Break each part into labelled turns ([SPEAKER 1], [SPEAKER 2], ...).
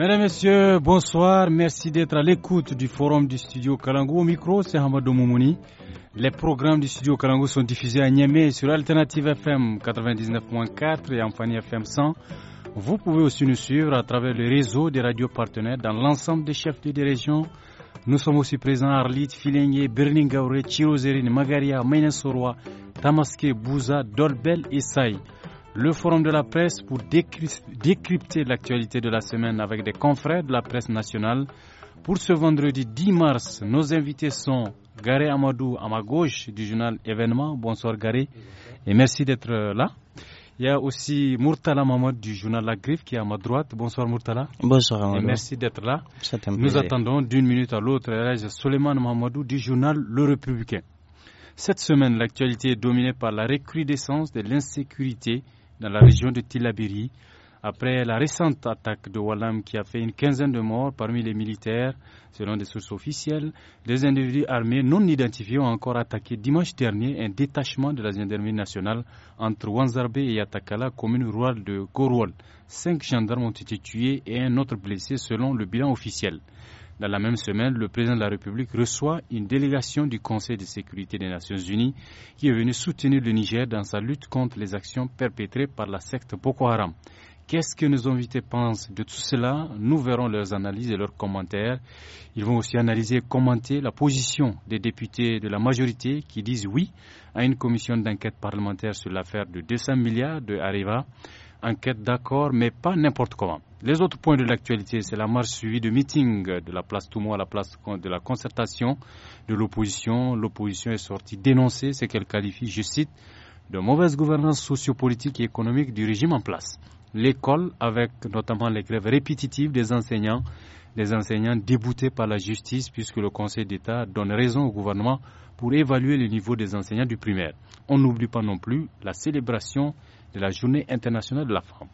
[SPEAKER 1] Mesdames, Messieurs, bonsoir. Merci d'être à l'écoute du forum du studio Kalangou. Au micro, c'est Hamadou Moumouni. Les programmes du studio Kalango sont diffusés à Niamey sur Alternative FM 99.4 et Amphani FM 100. Vous pouvez aussi nous suivre à travers le réseau des radios partenaires dans l'ensemble des chefs de régions. Nous sommes aussi présents à Arlit, Filengue, Berlingaure, Chirozerine, Magaria, Maynesoroa, Tamaské, Bouza, Dolbel et Saï le forum de la presse pour décrypter l'actualité de la semaine avec des confrères de la presse nationale. Pour ce vendredi 10 mars, nos invités sont Garé Amadou à ma gauche du journal Événement. Bonsoir Garé et merci d'être euh, là. Il y a aussi Murtala Mamadou du journal La Griffe qui est à ma droite. Bonsoir Murtala.
[SPEAKER 2] Bonsoir Amadou. merci d'être là. Nous attendons
[SPEAKER 1] d'une minute à l'autre Soleiman Mamadou du journal Le Républicain. Cette semaine, l'actualité est dominée par la recrudescence de l'insécurité dans la région de Tilabiri, après la récente attaque de Walam qui a fait une quinzaine de morts parmi les militaires, selon des sources officielles. Des individus armés non identifiés ont encore attaqué dimanche dernier un détachement de la gendarmerie nationale entre Wanzarbe et Atakala, commune rurale de Gorwal. Cinq gendarmes ont été tués et un autre blessé selon le bilan officiel. Dans la même semaine, le président de la République reçoit une délégation du Conseil de sécurité des Nations Unies qui est venue soutenir le Niger dans sa lutte contre les actions perpétrées par la secte Boko Haram. Qu'est-ce que nos invités pensent de tout cela Nous verrons leurs analyses et leurs commentaires. Ils vont aussi analyser et commenter la position des députés de la majorité qui disent oui à une commission d'enquête parlementaire sur l'affaire de 200 milliards de Areva. Enquête d'accord, mais pas n'importe comment. Les autres points de l'actualité, c'est la marche suivie de meeting de la place Toumo à la place de la concertation de l'opposition. L'opposition est sortie dénoncer ce qu'elle qualifie, je cite, de mauvaise gouvernance sociopolitique et économique du régime en place. L'école, avec notamment les grèves répétitives des enseignants, des enseignants déboutés par la justice puisque le Conseil d'État donne raison au gouvernement pour évaluer le niveau des enseignants du primaire. On n'oublie pas non plus la célébration de la Journée internationale de la femme.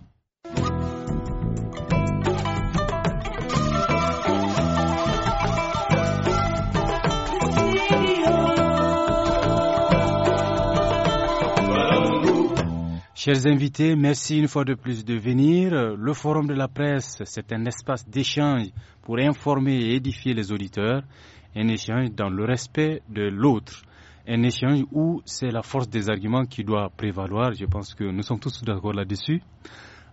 [SPEAKER 1] Chers invités, merci une fois de plus de venir. Le Forum de la presse, c'est un espace d'échange pour informer et édifier les auditeurs, un échange dans le respect de l'autre, un échange où c'est la force des arguments qui doit prévaloir. Je pense que nous sommes tous d'accord là-dessus.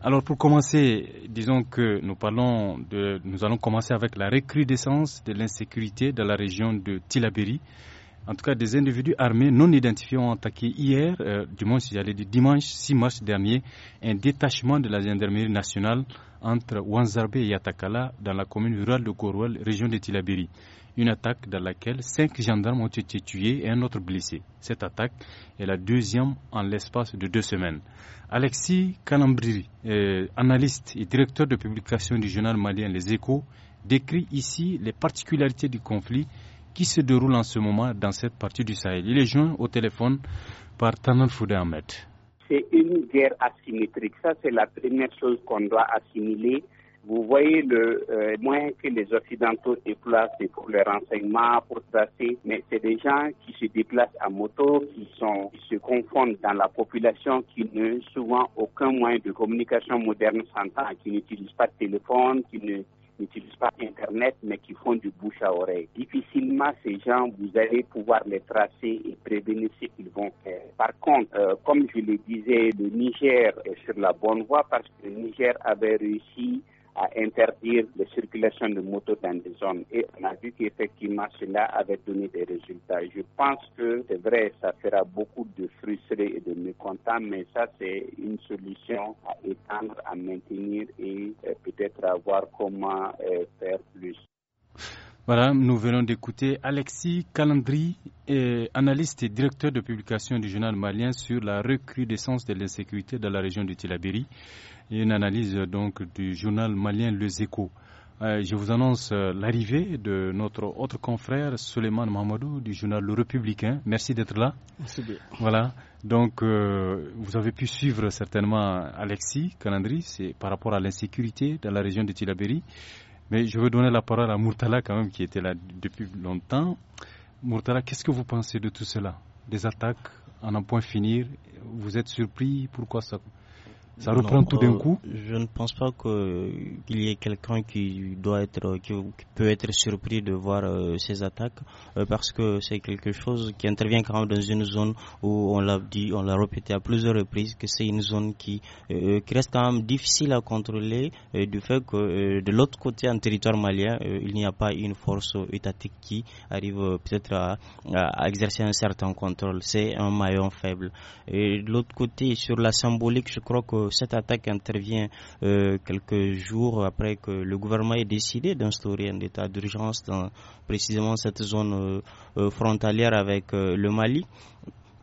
[SPEAKER 1] Alors pour commencer, disons que nous parlons de, nous allons commencer avec la recrudescence de l'insécurité dans la région de Tilaberi en tout cas des individus armés non identifiés ont attaqué hier, euh, du moins si j'allais dire dimanche 6 mars dernier, un détachement de la gendarmerie nationale entre Wanzarbe et Yatakala dans la commune rurale de Korwal, région de Tilabiri. Une attaque dans laquelle cinq gendarmes ont été tués et un autre blessé. Cette attaque est la deuxième en l'espace de deux semaines. Alexis Kanambriri, euh, analyste et directeur de publication du journal malien Les Échos, décrit ici les particularités du conflit qui se déroule en ce moment dans cette partie du Sahel. Il est joint au téléphone par Tanal Foudé
[SPEAKER 3] C'est une guerre asymétrique. Ça, c'est la première chose qu'on doit assimiler. Vous voyez le euh, moyen que les Occidentaux déplacent pour les renseignements, pour tracer, mais c'est des gens qui se déplacent à moto, qui, sont, se confondent dans la population, qui n'ont souvent aucun moyen de communication moderne sans temps, qui n'utilisent pas de téléphone, qui ne n'utilisent pas Internet, mais qui font du bouche à oreille. Difficilement, ces gens, vous allez pouvoir les tracer et prévenir ce qu'ils vont faire. Par contre, euh, comme je le disais, le Niger est sur la bonne voie parce que le Niger avait réussi à interdire la circulation de motos dans des zones. Et on a vu qu'effectivement, cela avait donné des résultats. Je pense que c'est vrai, ça fera beaucoup de frustrés et de mécontents, mais ça, c'est une solution à étendre, à maintenir et euh, peut-être à voir comment euh, faire plus.
[SPEAKER 1] Voilà, nous venons d'écouter Alexis Calandry, euh, analyste et directeur de publication du journal malien sur la recrudescence de l'insécurité dans la région du Tilabéry une analyse donc du journal malien Le Zéco. Euh, je vous annonce euh, l'arrivée de notre autre confrère Suleiman Mamadou du journal Le Républicain. Merci d'être là. Voilà. Donc, euh, vous avez pu suivre certainement Alexis Calandri, c'est par rapport à l'insécurité dans la région de Tilaberi. Mais je veux donner la parole à Murtala quand même, qui était là depuis longtemps. Murtala, qu'est-ce que vous pensez de tout cela Des attaques, en un point finir Vous êtes surpris Pourquoi ça ça reprend tout d'un euh, coup
[SPEAKER 2] Je ne pense pas euh, qu'il y ait quelqu'un qui doit être, qui, peut être surpris de voir euh, ces attaques, parce que c'est quelque chose qui intervient quand même dans une zone où on l'a dit, on l'a répété à plusieurs reprises, que c'est une zone qui, reste quand même difficile à contrôler, du fait que de l'autre côté, en territoire malien, il n'y a pas une force étatique qui arrive peut-être à, à, exercer un certain contrôle. C'est un maillon faible. Et de l'autre côté, sur la symbolique, je crois que cette attaque intervient euh, quelques jours après que le gouvernement ait décidé d'instaurer un état d'urgence dans précisément cette zone euh, euh, frontalière avec le Mali.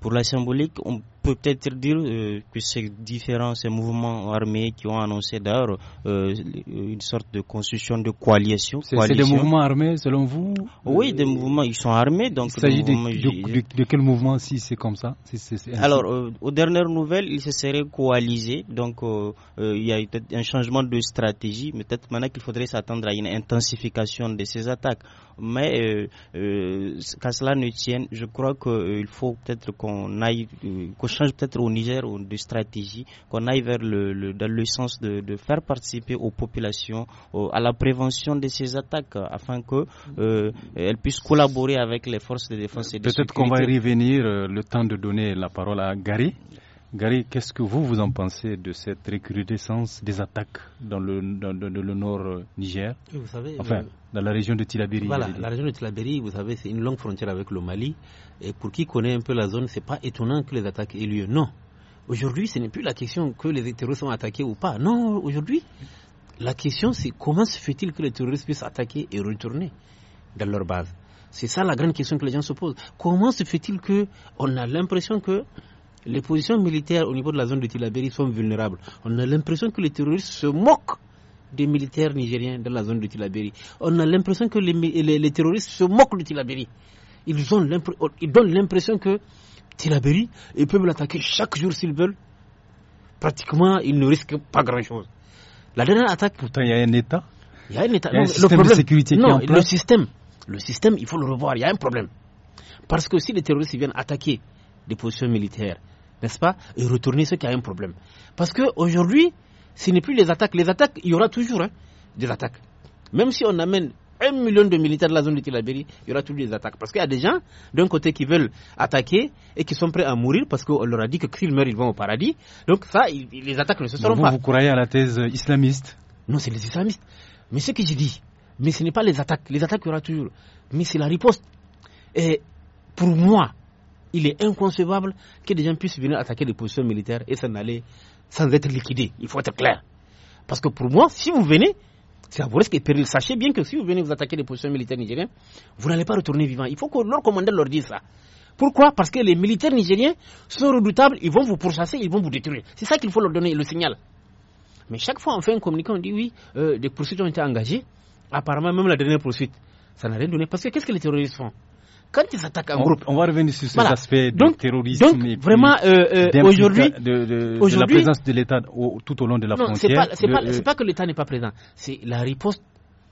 [SPEAKER 2] Pour la symbolique, on peut être dire euh, que ces différents ces mouvements armés qui ont annoncé d'ailleurs euh, une sorte de construction de coalition. C'est des mouvements
[SPEAKER 1] armés selon vous euh,
[SPEAKER 2] Oui, des mouvements, ils sont armés. Donc il s'agit de,
[SPEAKER 1] de, quel mouvement si c'est comme ça Alors,
[SPEAKER 2] aux dernières nouvelles, ils se seraient coalisés. Donc il y a peut-être un changement de stratégie. Peut-être maintenant qu'il faudrait s'attendre à une intensification de ces attaques. Mais qu'à cela ne tienne, je crois qu'il faut peut-être qu'on aille change peut-être au Niger ou de stratégie, qu'on aille vers le, dans le sens de, faire participer aux populations à la prévention de ces attaques afin qu'elles euh, puissent collaborer avec les forces de défense et de sécurité. Peut-être qu'on va y
[SPEAKER 1] revenir euh, le temps de donner la parole à Gary. Gary, qu'est-ce que vous, vous en pensez de cette recrudescence des attaques dans le, nord euh, Niger enfin, dans la région de Tillabéri. Voilà, la région de Tillabéri, vous savez, c'est une longue frontière avec le Mali.
[SPEAKER 4] Et pour qui connaît un peu la zone, n'est pas étonnant que les attaques aient lieu. Non. Aujourd'hui, ce n'est plus la question que les terroristes sont attaqués ou pas. Non, aujourd'hui, la question, c'est comment se fait-il que les terroristes puissent attaquer et retourner dans leur base C'est ça la grande question que les gens se posent. Comment se fait-il que a l'impression que les positions militaires au niveau de la zone de Tilaberi sont vulnérables. On a l'impression que les terroristes se moquent des militaires nigériens dans la zone de Tilaberi. On a l'impression que les, terroristes se moquent de Tilaberi. Ils, ont donnent l'impression que Tilaberi, ils peuvent l'attaquer chaque jour s'ils veulent. Pratiquement, ils ne risquent pas grand-chose. La dernière attaque. Pourtant, il y a un État. Il y a un système, le système, il faut le revoir. Il y a un problème. Parce que si les terroristes viennent attaquer des positions militaires, n'est-ce pas Et retourner ceux qui ont un problème. Parce qu'aujourd'hui, ce n'est plus les attaques. Les attaques, il y aura toujours hein, des attaques. Même si on amène un million de militaires de la zone de Tilabéry, il y aura toujours des attaques. Parce qu'il y a des gens, d'un côté, qui veulent attaquer et qui sont prêts à mourir parce qu'on leur a dit que s'ils meurent, ils vont au paradis. Donc ça, les attaques ne se seront pas. Vous
[SPEAKER 1] croyez à la thèse islamiste Non, c'est les islamistes. Mais ce que je dis,
[SPEAKER 4] mais ce n'est pas les attaques. Les attaques, il y aura toujours. Mais c'est la riposte. Et pour moi, il est inconcevable que des gens puissent venir attaquer des positions militaires et s'en aller sans être liquidés. Il faut être clair. Parce que pour moi, si vous venez, c'est à vous risque et péril. Sachez bien que si vous venez vous attaquer des positions militaires nigériennes, vous n'allez pas retourner vivant. Il faut que leur commandant leur dise ça. Pourquoi Parce que les militaires nigériens sont redoutables, ils vont vous pourchasser, ils vont vous détruire. C'est ça qu'il faut leur donner le signal. Mais chaque fois, on fait un communiqué, on dit oui, euh, des poursuites ont été engagées. Apparemment, même la dernière poursuite, ça n'a rien donné. Parce que qu'est-ce que les terroristes font quand ils attaquent un on, groupe. On va
[SPEAKER 1] revenir sur ces aspect aspects du terrorisme. et vraiment,
[SPEAKER 4] euh, euh, aujourd'hui, de, la présence
[SPEAKER 1] de l'État tout au long de la frontière. Euh, c'est pas,
[SPEAKER 4] que l'État n'est pas présent, c'est la riposte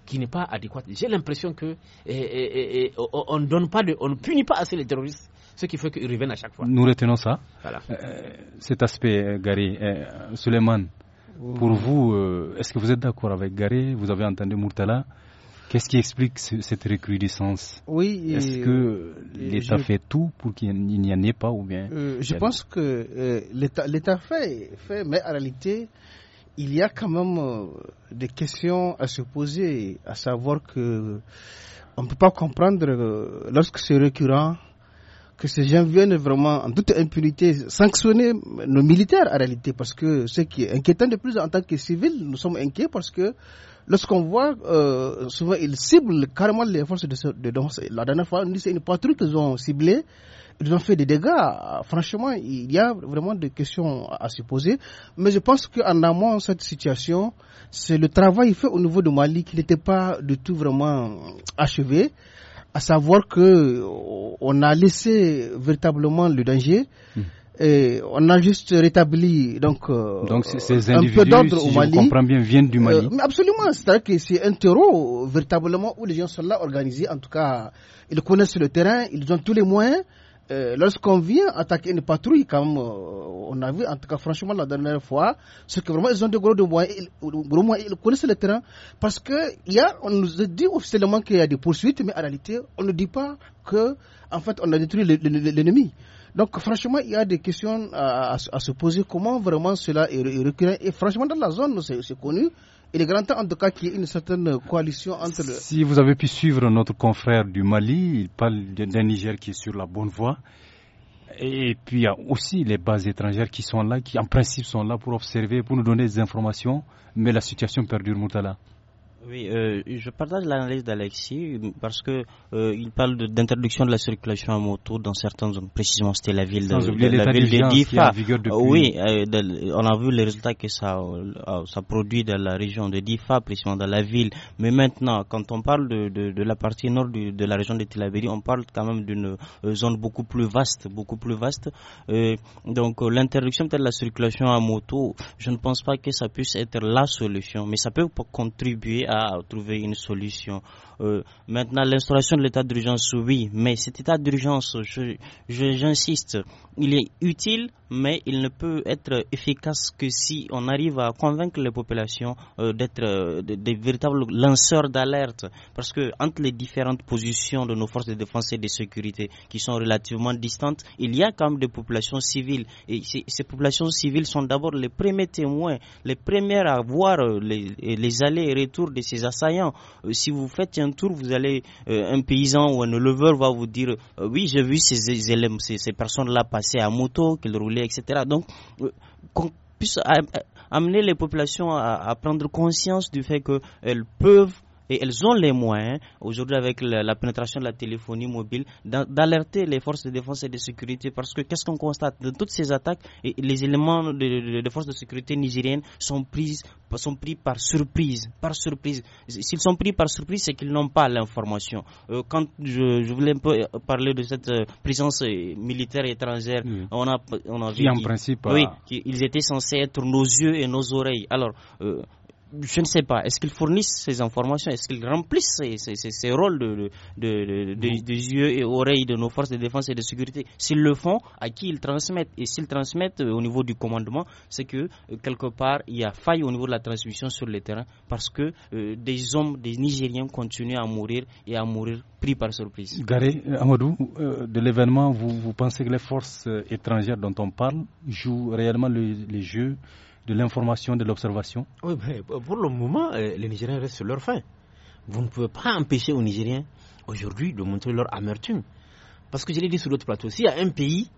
[SPEAKER 4] qui n'est pas adéquate. J'ai l'impression que on ne punit pas assez les terroristes, ce qui fait qu'ils reviennent à chaque
[SPEAKER 1] fois. Nous retenons ça. cet aspect, Gary, Suleiman, pour vous, est-ce que vous êtes d'accord avec Gary Vous avez entendu Murtala Qu'est-ce qui explique cette recrudescence
[SPEAKER 5] Oui. Est-ce que
[SPEAKER 1] euh, l'État fait tout pour qu'il n'y en ait pas ou bien
[SPEAKER 5] euh, Je pense que euh, l'État fait, fait, mais en réalité, il y a quand même des questions à se poser, à savoir que on ne peut pas comprendre lorsque c'est récurrent que ces gens viennent vraiment en toute impunité sanctionner nos militaires en réalité parce que ce qui est inquiétant de plus en tant que civil, nous sommes inquiets parce que lorsqu'on voit, euh, souvent, ils ciblent carrément les forces de, de La dernière fois, c'est une patrouille qu'ils ont ciblée. Ils ont fait des dégâts. Franchement, il y a vraiment des questions à, se poser. Mais je pense qu'en amont, cette situation, c'est le travail fait au niveau du Mali qui n'était pas du tout vraiment achevé à savoir que on a laissé véritablement le danger hmm. Et on a juste rétabli donc, euh, donc
[SPEAKER 1] ces un peu d'ordre au Mali. Je comprends bien, viennent du Mali.
[SPEAKER 5] Euh, absolument, c'est-à-dire que c'est un terreau véritablement où les gens sont là organisés. En tout cas, ils connaissent le terrain, ils ont tous les moyens. Euh, lorsqu'on vient attaquer une patrouille, comme on a vu, en tout cas, franchement, la dernière fois, c'est que vraiment, ils ont de gros, de moyens, ils, connaissent le terrain. Parce que, il y a, on nous a dit officiellement qu'il y a des poursuites, mais en réalité, on ne dit pas que, en fait, on a détruit l'ennemi. Donc, franchement, il y a des questions à, se poser. Comment vraiment cela est, reculé Et franchement, dans la zone, c'est connu. Il est grand temps, en tout cas, qu'il y ait une certaine coalition entre... Si
[SPEAKER 1] vous avez pu suivre notre confrère du Mali, il parle d'un Niger qui est sur la bonne voie. Et puis, il y a aussi les bases étrangères qui sont là, qui en principe sont là pour observer, pour nous donner des informations. Mais la situation perdure, Moutala.
[SPEAKER 2] Oui, euh, je partage l'analyse d'Alexis parce que euh, il parle d'introduction de, la circulation à moto dans certaines zones. Précisément, c'était la ville de, la ville euh, de Difa. Oui, on a vu les résultats que ça ça produit dans la région de Difa, précisément dans la ville. Mais maintenant, quand on parle de, la partie nord de, la région de Aviv, on parle quand même d'une zone beaucoup plus vaste, beaucoup plus vaste. donc, l'introduction de la circulation à moto, je ne pense pas que ça puisse être la solution, mais ça peut contribuer à à trouver une solution. Euh, maintenant, l'instauration de l'état d'urgence, oui, mais cet état d'urgence, j'insiste, il est utile, mais il ne peut être efficace que si on arrive à convaincre les populations euh, d'être euh, des, véritables lanceurs d'alerte. Parce que entre les différentes positions de nos forces de défense et de sécurité, qui sont relativement distantes, il y a quand même des populations civiles. Et ces, populations civiles sont d'abord les premiers témoins, les premières à voir les, allées allers et retours des ces assaillants. Euh, si vous faites un tour, vous allez, euh, un paysan ou un éleveur va vous dire euh, Oui, j'ai vu ces, ces, personnes-là passer à moto, qu'ils roulaient, etc. Donc, qu'on puisse amener les populations à, prendre conscience du fait qu'elles peuvent et elles ont les moyens, aujourd'hui avec la, pénétration de la téléphonie mobile, d'alerter les forces de défense et de sécurité parce que qu'est-ce qu'on constate Dans toutes ces attaques, les éléments de, forces de sécurité nigériennes sont, sont pris par surprise. Par surprise. S'ils sont pris par surprise, c'est qu'ils n'ont pas l'information. Euh, quand je, voulais un peu euh, parler de cette euh, présence militaire étrangère, on a, on a en principe, oui, qu'ils étaient censés être nos yeux et nos oreilles. Alors, je ne sais pas, est-ce qu'ils fournissent ces informations, est-ce qu'ils remplissent ces, rôles de, des yeux et oreilles de nos forces de défense et de sécurité S'ils le font, à qui ils transmettent Et s'ils transmettent euh, au niveau du commandement, c'est que euh, quelque part, il y a faille au niveau de la transmission sur le terrain parce que euh, des hommes, des Nigériens continuent à mourir et à mourir pris par surprise. Garé,
[SPEAKER 1] Amadou, de l'événement, vous, pensez que les forces étrangères dont on parle jouent réellement le, les jeux de l'information, de l'observation Oui, mais pour le moment, euh, les Nigériens restent sur leur faim.
[SPEAKER 4] Vous ne pouvez pas empêcher aux Nigériens aujourd'hui de montrer leur amertume. Parce que je l'ai dit sur l'autre plateau, s'il y a un pays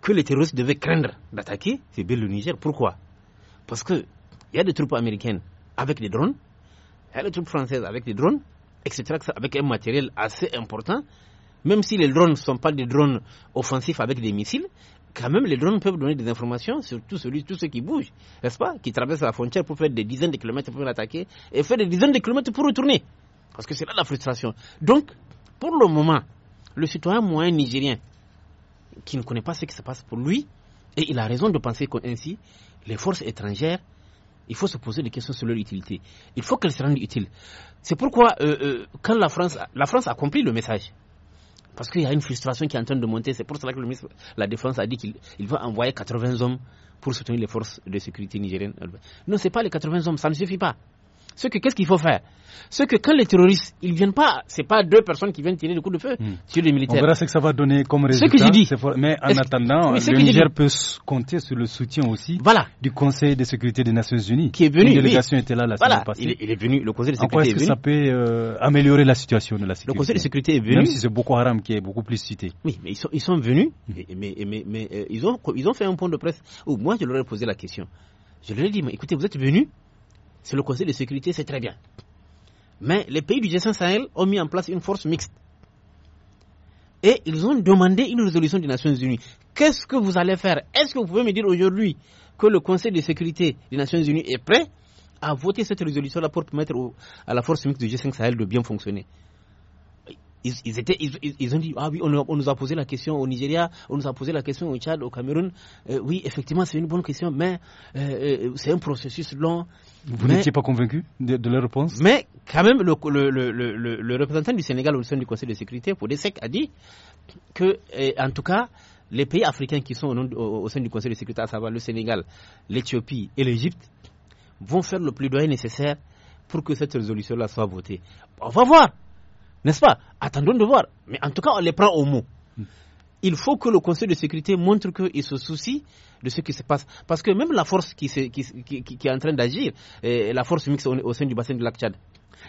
[SPEAKER 4] que les terroristes devaient craindre d'attaquer, c'est bien le Niger. Pourquoi Parce qu'il y a des troupes américaines avec des drones, il y a des troupes françaises avec des drones, etc., avec un matériel assez important. Même si les drones ne sont pas des drones offensifs avec des missiles, quand même, les drones peuvent donner des informations sur tous ceux tout ce qui bougent, n'est-ce pas Qui traversent la frontière pour faire des dizaines de kilomètres pour l'attaquer et faire des dizaines de kilomètres pour retourner. Parce que c'est là la frustration. Donc, pour le moment, le citoyen moyen nigérien qui ne connaît pas ce qui se passe pour lui, et il a raison de penser qu'ainsi, les forces étrangères, il faut se poser des questions sur leur utilité. Il faut qu'elles se rendent utiles. C'est pourquoi, euh, euh, quand la France, la France a compris le message, parce qu'il y a une frustration qui est en train de monter. C'est pour cela que le ministre de la Défense a dit qu'il va envoyer 80 hommes pour soutenir les forces de sécurité nigériennes. Non, ce n'est pas les 80 hommes, ça ne suffit pas. Ce que qu'est-ce qu'il faut faire Ce que quand les terroristes, ils viennent pas, c'est pas deux personnes qui viennent tirer le coup de feu hmm. sur les militaires. On verra ce
[SPEAKER 1] que ça va donner comme résultat. Ce que j'ai dit. Mais en attendant, que... le Niger peut compter sur le soutien aussi du Conseil de sécurité des Nations Unies. Qui est venu. Une délégation était là la semaine passée. Il est, il est, venu. Le Conseil de sécurité. En quoi est-ce que ça peut euh, améliorer la situation de la sécurité Le Conseil de sécurité est venu. Même si c'est beaucoup Haram qui est beaucoup plus cité. Oui, mais
[SPEAKER 4] ils sont, venus. Hmm. Mais, mais, euh, ils ont ils ont fait un point de presse où moi je leur ai posé la question. Je leur ai dit, mais écoutez, vous êtes venus c'est le Conseil de sécurité, c'est très bien. Mais les pays du G5 Sahel ont mis en place une force mixte. Et ils ont demandé une résolution des Nations Unies. Qu'est-ce que vous allez faire Est-ce que vous pouvez me dire aujourd'hui que le Conseil de sécurité des Nations Unies est prêt à voter cette résolution-là pour permettre à la force mixte du G5 Sahel de bien fonctionner ils, ont dit ah oui on, nous a posé la question au Nigeria, on nous a posé la question au Tchad, au Cameroun. Euh, oui effectivement c'est une bonne question, mais euh, euh, c'est un processus long. Vous n'étiez
[SPEAKER 1] pas convaincu de, la réponse Mais
[SPEAKER 4] quand même le, représentant du Sénégal au sein du Conseil de sécurité pour secs a dit que en tout cas les pays africains qui sont au, sein du Conseil de sécurité, à savoir le Sénégal, l'Éthiopie et l'Égypte, vont faire le plus plaidoyer nécessaire pour que cette résolution-là soit votée. On va voir. N'est-ce pas Attendons de voir. Mais en tout cas, on les prend au mot. Hmm. Il faut que le Conseil de sécurité montre qu'il se soucie de ce qui se passe. Parce que même la force qui, est en train d'agir, eh, la force mixte au, sein du bassin du lac Tchad,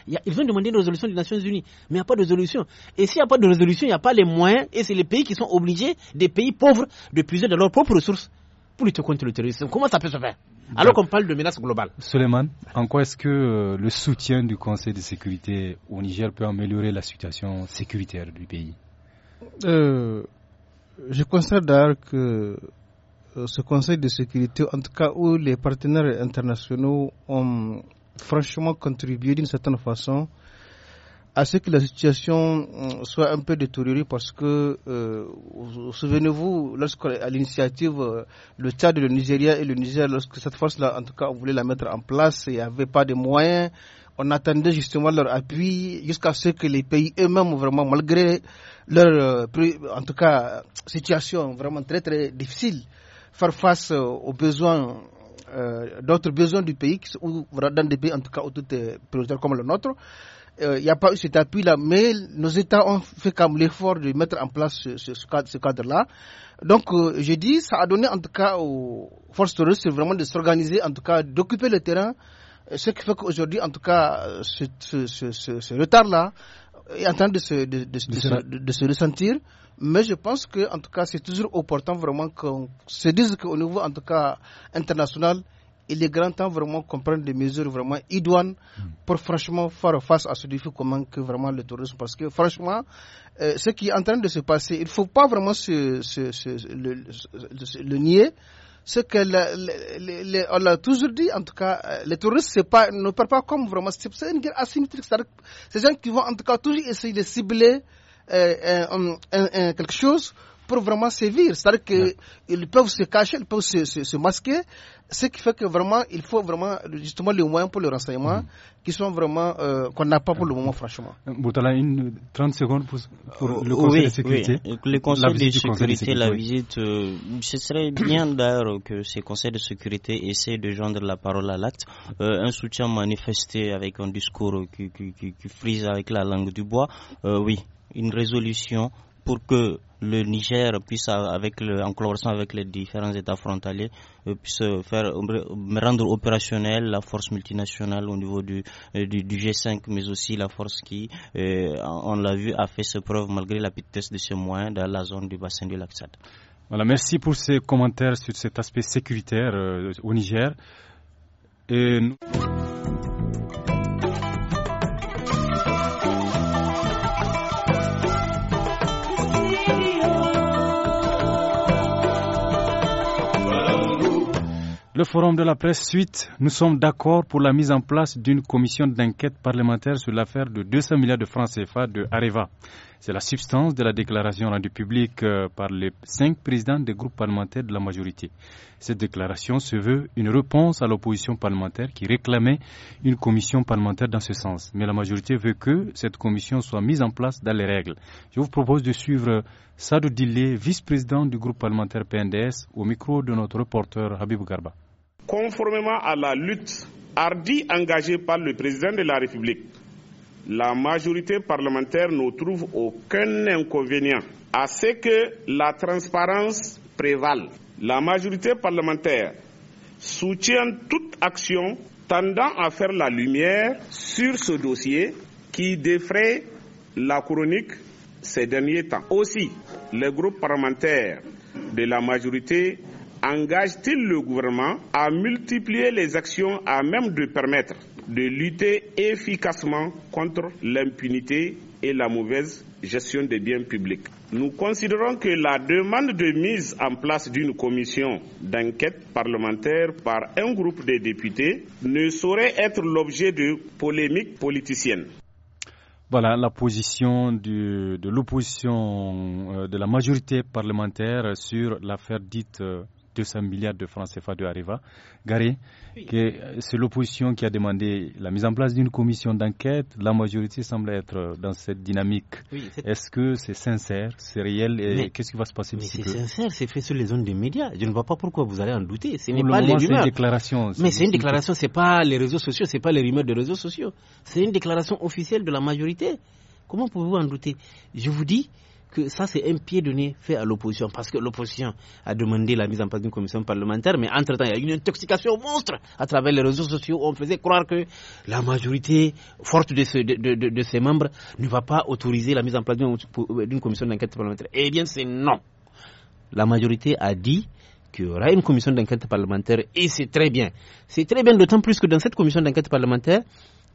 [SPEAKER 4] ils ont demandé une résolution des Nations Unies, mais il n'y a pas de résolution. Et s'il n'y a pas de résolution, il n'y a pas les moyens, et c'est les pays qui sont obligés, des pays pauvres, de puiser de leurs propres ressources pour lutter contre le terrorisme. Comment ça peut se faire
[SPEAKER 1] alors qu'on parle de menace globale. Soleiman, en quoi est-ce que euh, le soutien du Conseil de sécurité au Niger peut améliorer la situation sécuritaire du pays
[SPEAKER 5] euh, Je constate d'ailleurs que euh, ce Conseil de sécurité, en tout cas où les partenaires internationaux ont franchement contribué d'une certaine façon à ce que la situation euh, soit un peu détériorée parce que, euh, souvenez-vous, à l'initiative, euh, le Tchad, le Nigeria et le Niger, lorsque cette force-là, en tout cas, on voulait la mettre en place, il n'y avait pas de moyens. On attendait justement leur appui jusqu'à ce que les pays eux-mêmes, vraiment, malgré leur, en tout cas, situation vraiment très très difficile, faire face aux besoins d'autres besoins du pays ou dans des pays en tout cas est prioritaire comme le nôtre, il euh, n'y a pas eu cet appui-là, mais nos États ont fait comme l'effort de mettre en place ce, cadre-là. Donc, euh, je dis, ça a donné en tout cas aux forces russes vraiment de s'organiser, en tout cas d'occuper le terrain, euh, ce qui fait qu'aujourd'hui, en tout cas, ce, ce retard-là est en train de se, de, de se ressentir. Mais je pense que, en tout cas, c'est toujours opportun vraiment qu'on se dise qu'au niveau, en tout cas, international, il est grand temps vraiment qu'on prenne des mesures vraiment idoines pour franchement faire face à ce défi commun que vraiment le tourisme. Parce que franchement, euh, ce qui est en train de se passer, il ne faut pas vraiment se, se, se, le, le, nier. Ce que le, on l'a toujours dit, en tout cas, euh, les touristes pas, ne pas comme vraiment. C'est une guerre asymétrique. C'est des gens qui vont en tout cas toujours essayer de cibler euh, quelque chose pour vraiment sévir. C'est-à-dire qu'ils peuvent se cacher, ils peuvent se, masquer, ce qui fait que vraiment, il faut vraiment justement les moyens pour le renseignement mm-hmm. qui sont vraiment euh, qu'on n'a pas pour le moment, franchement.
[SPEAKER 1] Euh, Boutala, une 30 secondes pour, euh, le Conseil de sécurité. Oui. Le Conseil, la la
[SPEAKER 2] visite, ce serait bien d'ailleurs que ces conseils de sécurité essaient de joindre la parole à l'acte. un soutien manifesté avec un discours qui, frise avec la langue du bois, oui, une résolution pour que le Niger puisse, avec le, en collaboration avec les différents États frontaliers, euh, puisse faire euh, rendre opérationnelle la force multinationale au niveau du, euh, G5, mais aussi la force qui, on l'a vu, a fait ses preuves malgré la vitesse de ses moyens dans la zone du bassin du lac Voilà, merci pour ces commentaires sur cet aspect sécuritaire au Niger.
[SPEAKER 1] le forum de la presse suite, nous sommes d'accord pour la mise en place d'une commission d'enquête parlementaire sur l'affaire de 200 milliards de francs CFA de Areva. C'est la substance de la déclaration rendue publique euh, par les cinq présidents des groupes parlementaires de la majorité. Cette déclaration se veut une réponse à l'opposition parlementaire qui réclamait une commission parlementaire dans ce sens. Mais la majorité veut que cette commission soit mise en place dans les règles. Je vous propose de suivre euh, Sadou Dile, vice-président du groupe parlementaire PNDS, au micro de notre reporter Habib Garba.
[SPEAKER 3] Conformément à la lutte hardie engagée par le président de la République, la majorité parlementaire ne trouve aucun inconvénient à ce que la transparence prévale. La majorité parlementaire soutient toute action tendant à faire la lumière sur ce dossier qui défraie la chronique ces derniers temps. Aussi, le groupe parlementaire de la majorité engage-t-il le gouvernement à multiplier les actions à même de permettre de lutter efficacement contre l'impunité et la mauvaise gestion des biens publics. Nous considérons que la demande de mise en place d'une commission d'enquête parlementaire par un groupe de députés ne saurait être l'objet de polémiques politiciennes.
[SPEAKER 1] Voilà la position de l'opposition, euh, de la majorité parlementaire sur l'affaire dite euh, 200 milliards de francs CFA de Areva, Garé, euh, c'est l'opposition qui a demandé la mise en place d'une commission d'enquête. La majorité semble être euh, dans cette dynamique. Est-ce que c'est sincère, c'est réel et qu'est-ce qui va se passer Mais c'est sincère, c'est fait sur les zones des médias. Je ne vois pas pourquoi vous allez en douter. Ce n'est pas les rumeurs. Une déclaration,
[SPEAKER 4] Mais c'est une déclaration, n'est pas les réseaux sociaux, n'est pas les rumeurs des réseaux sociaux. C'est une déclaration officielle de la majorité. Comment pouvez-vous en douter Je vous dis, que ça, c'est un pied de nez fait à l'opposition, parce que l'opposition a demandé la mise en place d'une commission parlementaire, mais entre-temps, il y a eu une intoxication monstre à travers les réseaux sociaux. On faisait croire que la majorité forte de ses membres ne va pas autoriser la mise en place d'une commission d'enquête parlementaire. Eh bien, c'est non. La majorité a dit qu'il y aura une commission d'enquête parlementaire et c'est très bien. C'est très bien, d'autant plus que dans cette commission d'enquête parlementaire,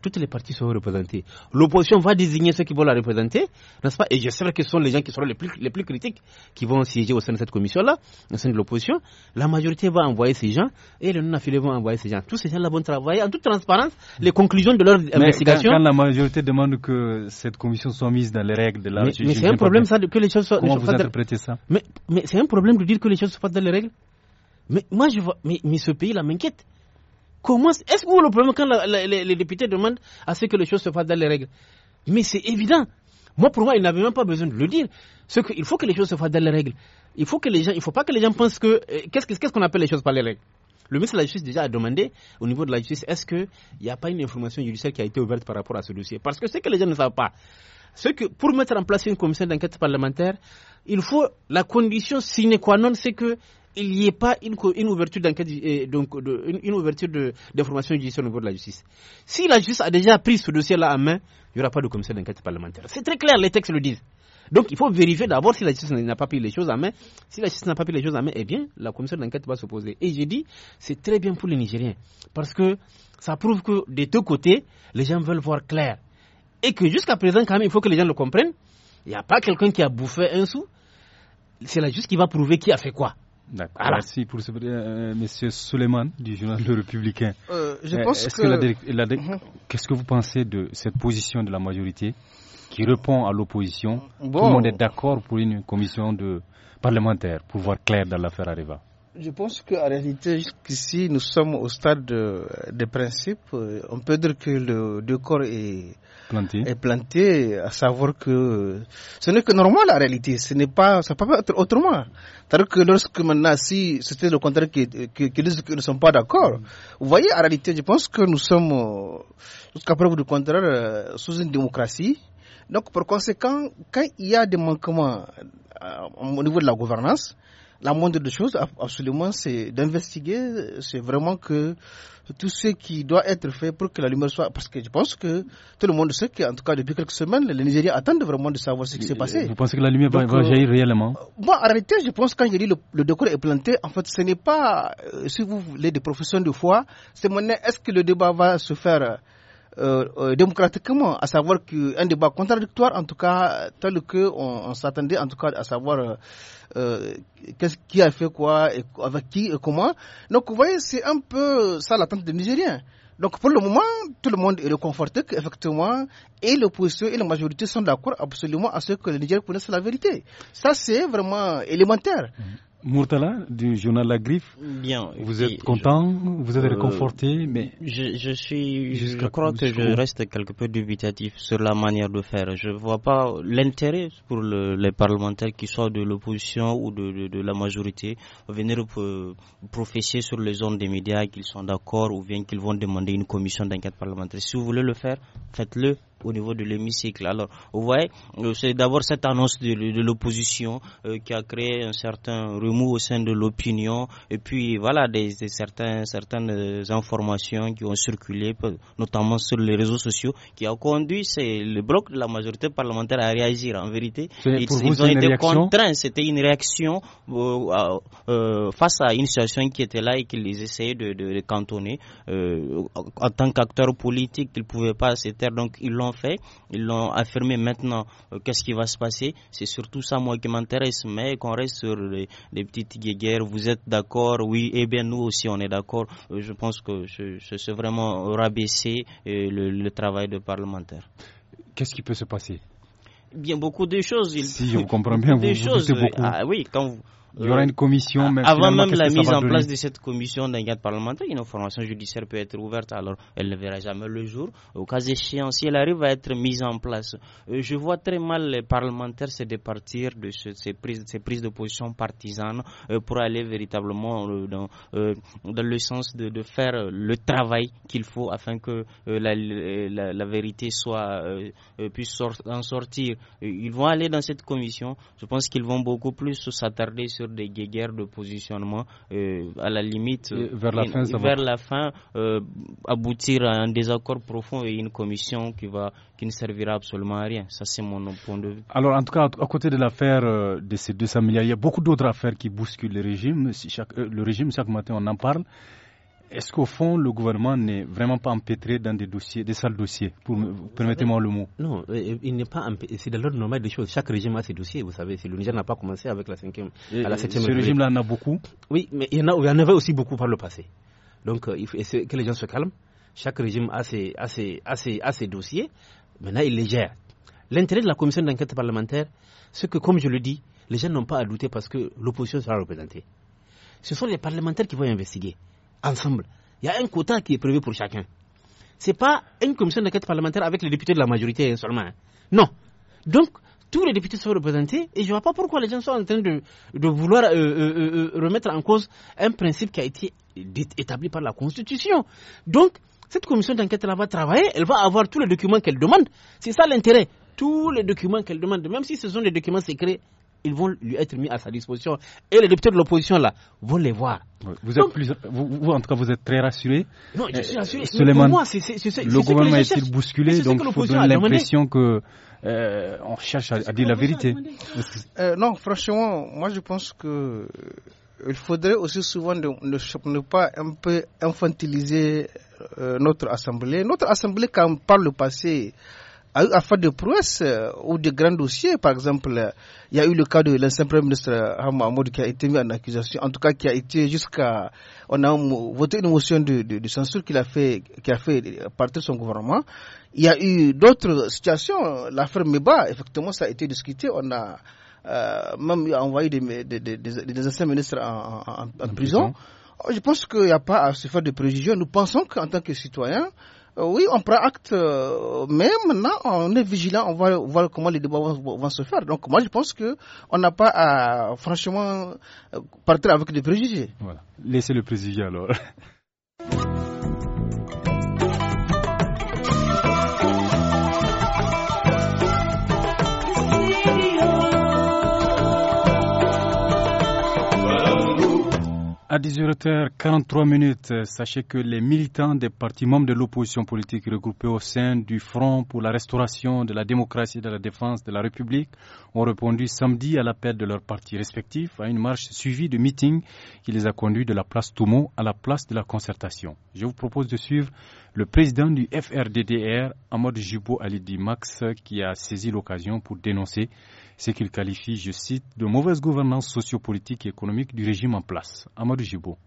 [SPEAKER 4] toutes les parties seront représentées. L'opposition va désigner ceux qui vont la représenter, n'est-ce pas Et je sais que ce sont les gens qui seront les plus, les plus critiques qui vont siéger au sein de cette commission-là, au sein de l'opposition. La majorité va envoyer ces gens et les non-affiliés vont envoyer ces gens. Tous ces gens-là vont travailler en toute transparence
[SPEAKER 1] les conclusions de leur investigation. Mais quand, la majorité demande que cette commission soit mise dans les règles de la Mais, c'est un problème ça,
[SPEAKER 4] que les choses soient. Comment vous interprétez ça Mais, c'est un problème de dire que les choses se pas dans les règles. Mais moi, je vois. mais ce pays-là m'inquiète. Comment est-ce que vous le prenez quand les, députés demandent à ce que les choses se fassent dans les règles Mais c'est évident. Moi, pour moi, il n'avait même pas besoin de le dire. Ce faut que les choses se fassent dans les règles. Il faut que les il faut pas que les gens pensent euh, que qu'est-ce qu'on appelle les choses par les règles. Le ministre de la Justice déjà a demandé au niveau de la justice est-ce qu'il n'y a pas une information judiciaire qui a été ouverte par rapport à ce dossier Parce que ce que les gens ne savent pas, c'est que pour mettre en place une commission d'enquête parlementaire, il faut la condition sine qua non, c'est que il n'y ait pas une, ouverture donc d'information judiciaire au niveau de la justice. Si la justice a déjà pris ce dossier-là en main, il n'y aura pas de commissaire d'enquête parlementaire. C'est très clair, les textes le disent. Donc il faut vérifier d'abord si la justice n'a pas pris les choses en main. Si la justice n'a pas pris les choses en main, eh bien, la commission d'enquête va s'opposer. Et j'ai dit, c'est très bien pour les Nigériens. Parce que ça prouve que des deux côtés, les gens veulent voir clair. Et que jusqu'à présent, quand même, il faut que les gens le comprennent. Il n'y a pas quelqu'un qui a bouffé un sou. C'est la justice qui va prouver qui a fait quoi.
[SPEAKER 1] D'accord. Merci pour ce. Euh, monsieur Souleymane du journal Le Républicain. Qu'est-ce que vous pensez de cette position de la majorité qui répond à l'opposition Tout le monde est d'accord pour une commission de parlementaire pour voir clair dans l'affaire Areva
[SPEAKER 5] je pense qu'en réalité, jusqu'ici, nous sommes au stade euh, des principes. Euh, on peut dire que le décor est planté, est planté à savoir que ce n'est que normal en réalité. Ce n'est pas, ça peut pas être autrement. C'est-à-dire que lorsque maintenant, si c'était le contraire qui, disent qu'ils ne sont pas d'accord, vous voyez, en réalité, je pense que nous sommes, euh, jusqu'à preuve du contraire, sous une démocratie. Donc, par conséquent, quand il y a des manquements au niveau de la gouvernance, la moindre des choses, absolument, c'est d'investiguer, c'est vraiment que tout ce qui doit être fait pour que la lumière soit. Parce que je pense que tout le monde sait qu'en tout cas, depuis quelques semaines, les Nigériens attendent vraiment de savoir ce qui s'est passé. Euh,
[SPEAKER 1] vous pensez que la lumière va, euh, jaillir réellement
[SPEAKER 5] Moi, en réalité, je pense que quand je dis le, le décor est planté, en fait, ce n'est pas, euh, si vous voulez, des professions de foi, c'est maintenant, est-ce que le débat va se faire euh, euh, démocratiquement, à savoir qu'un débat contradictoire, en tout cas, tel qu'on on, s'attendait, en tout cas, à savoir euh, qu'est-ce qui a fait quoi, et avec qui, et comment. Donc, vous voyez, c'est un peu ça l'attente des Nigériens. Donc pour le moment, tout le monde est réconforté qu'effectivement, et l'opposition et la majorité sont d'accord absolument à ce que les Nigériens connaissent la vérité. Ça, c'est vraiment élémentaire. Mmh.
[SPEAKER 2] Mourtala du journal La Griffe. Bien. Vous êtes content, vous êtes euh, réconforté, mais. Je, suis. Je crois que je reste quelque peu dubitatif sur la manière de faire. Je ne vois pas l'intérêt pour les parlementaires qui soient de l'opposition ou de, la majorité venir professer sur les zones des médias qu'ils sont d'accord ou bien qu'ils vont demander une commission d'enquête parlementaire. Si vous voulez le faire, faites-le au niveau de l'hémicycle. Alors, vous voyez, euh, c'est d'abord cette annonce de, l'opposition euh, qui a créé un certain remous au sein de l'opinion, et puis voilà, des, certains, certaines euh, informations qui ont circulé, notamment sur les réseaux sociaux, qui a conduit le bloc de la majorité parlementaire à réagir. En vérité, ils, ont été contraints, c'était une réaction face à une situation qui était là et qu'ils essayaient de, de, cantonner. en tant qu'acteur politique qu'ils ne pouvaient pas se donc ils l'ont fait, ils l'ont affirmé maintenant, euh, qu'est-ce qui va se passer C'est surtout ça, moi, qui m'intéresse, mais qu'on reste sur les, petites guéguerres, Vous êtes d'accord Oui, eh bien, nous aussi, on est d'accord. Euh, je pense que c'est vraiment rabaisser euh, le, travail de parlementaire.
[SPEAKER 1] Qu'est-ce qui peut se passer
[SPEAKER 2] bien beaucoup de choses. Si on comprend bien, vous, vous choses. Beaucoup. Ah, oui, quand vous, il y aura une commission. Euh, même avant même la mise en place de cette commission d'enquête parlementaire, une information judiciaire peut être ouverte, alors elle ne verra jamais le jour. Au cas échéant, si elle arrive à être mise en place, euh, je vois très mal les parlementaires se départir de ces, prises, de position partisanes euh, pour aller véritablement dans, le sens de, faire le travail qu'il faut afin que la, vérité soit puisse en sortir. Ils vont aller dans cette commission. Je pense qu'ils vont beaucoup plus s'attarder sur des guerres de positionnement, euh, à la limite, vers la fin, euh, aboutir à un désaccord profond et une commission qui, va, qui ne servira absolument à rien. Ça, c'est mon point de vue.
[SPEAKER 1] Alors, en tout cas, à côté de l'affaire euh, de ces 200 milliards, il y a beaucoup d'autres affaires qui bousculent le régime. Si le régime, chaque matin, on en parle est-ce qu'au fond, le gouvernement n'est vraiment pas empêtré dans des dossiers, des sales dossiers Permettez-moi le mot. Non,
[SPEAKER 4] euh, euh, il n'est pas C'est de l'ordre normal des choses. Chaque régime a ses dossiers, vous savez. Si le Niger n'a pas commencé avec la cinquième, et, à la septième. Ce régime-là en a beaucoup Oui, mais il y en, a, il en avait aussi beaucoup par le passé. Donc, euh, il faut que les gens se calment. Chaque régime a ses, a ses, a ses, a ses dossiers. Maintenant, il les gère. L'intérêt de la commission d'enquête parlementaire, c'est que, comme je le dis, les gens n'ont pas à douter parce que l'opposition sera représentée. Ce sont les parlementaires qui vont investiguer ensemble. Il y a un quota qui est prévu pour chacun. Ce n'est pas une commission d'enquête parlementaire avec les députés de la majorité seulement. Hein. Non. Donc, tous les députés sont représentés et je ne vois pas pourquoi les gens sont en train de, vouloir euh, euh, euh, remettre en cause un principe qui a été établi par la Constitution. Donc, cette commission d'enquête-là va travailler, elle va avoir tous les documents qu'elle demande. C'est ça l'intérêt. Tous les documents qu'elle demande, même si ce sont des documents secrets, ils vont lui être mis à sa disposition. Et les députés de l'opposition, là, vont les voir. Vous, êtes plus, vous, en tout cas, vous êtes très rassuré.
[SPEAKER 5] Non, je suis euh, rassuré. Le gouvernement est-il
[SPEAKER 1] bousculé
[SPEAKER 4] Donc, il faut donner l'impression
[SPEAKER 1] que. Euh, on cherche à, dire la vérité.
[SPEAKER 5] Euh, non, franchement, moi je pense que il faudrait aussi souvent ne, pas un peu infantiliser notre assemblée. Notre assemblée, quand on parle le passé, a eu à faire des prouesses euh, ou de grands dossiers. Par exemple, il y a eu le cas de l'ancien Premier ministre Hamoud qui a été mis en accusation, en tout cas qui a été jusqu'à... On a voté une motion de, censure qu'il a fait, qui a fait partir son gouvernement. Il y a eu d'autres situations. L'affaire Meba, effectivement, ça a été discuté. On a euh, même envoyé des, anciens ministres en, prison. prison. Oh, je pense qu'il n'y a pas à se faire de préjugés. Nous pensons qu'en tant que citoyens, euh, oui, on prend acte, euh, mais maintenant, on est vigilant, on va voir comment les débats vont, se faire. Donc, moi, je pense que on n'a pas à, franchement, euh, partir avec des préjugés. Voilà. Laissez le préjugé alors.
[SPEAKER 1] À 18h43, sachez que les militants des partis membres de l'opposition politique regroupés au sein du Front pour la restauration de la démocratie et de la défense de la République ont répondu samedi à l'appel de leurs partis respectifs à une marche suivie de meetings qui les a conduits de la place Toumo à la place de la concertation. Je vous propose de suivre le président du FRDDR, Ahmad jubo Alidi Max, qui a saisi l'occasion pour dénoncer ce qu'il qualifie, je cite, de mauvaise gouvernance sociopolitique et économique du régime en place. Amadou Gibo.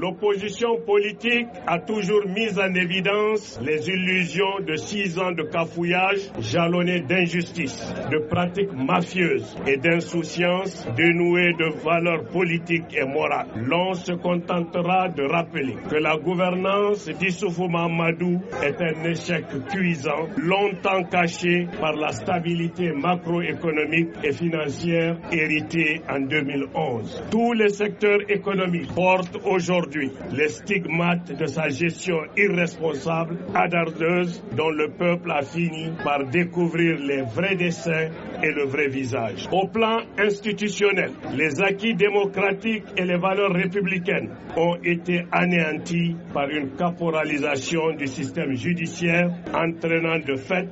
[SPEAKER 6] L'opposition politique a toujours mis en évidence les illusions de six ans de cafouillage jalonné d'injustice, de pratiques mafieuses et d'insouciance dénouées de valeurs politiques et morales. L'on se contentera de rappeler que la gouvernance d'Issoufou Mamadou est un échec cuisant, longtemps caché par la stabilité macroéconomique et financière héritée en 2011. Tous les secteurs économiques portent aujourd'hui aujourd'hui les stigmates de sa gestion irresponsable, Adardeuse dont le peuple a fini par découvrir les vrais dessins et le vrai visage. Au plan institutionnel, les acquis démocratiques et les valeurs républicaines ont été anéantis par une caporalisation du système judiciaire, entraînant de fait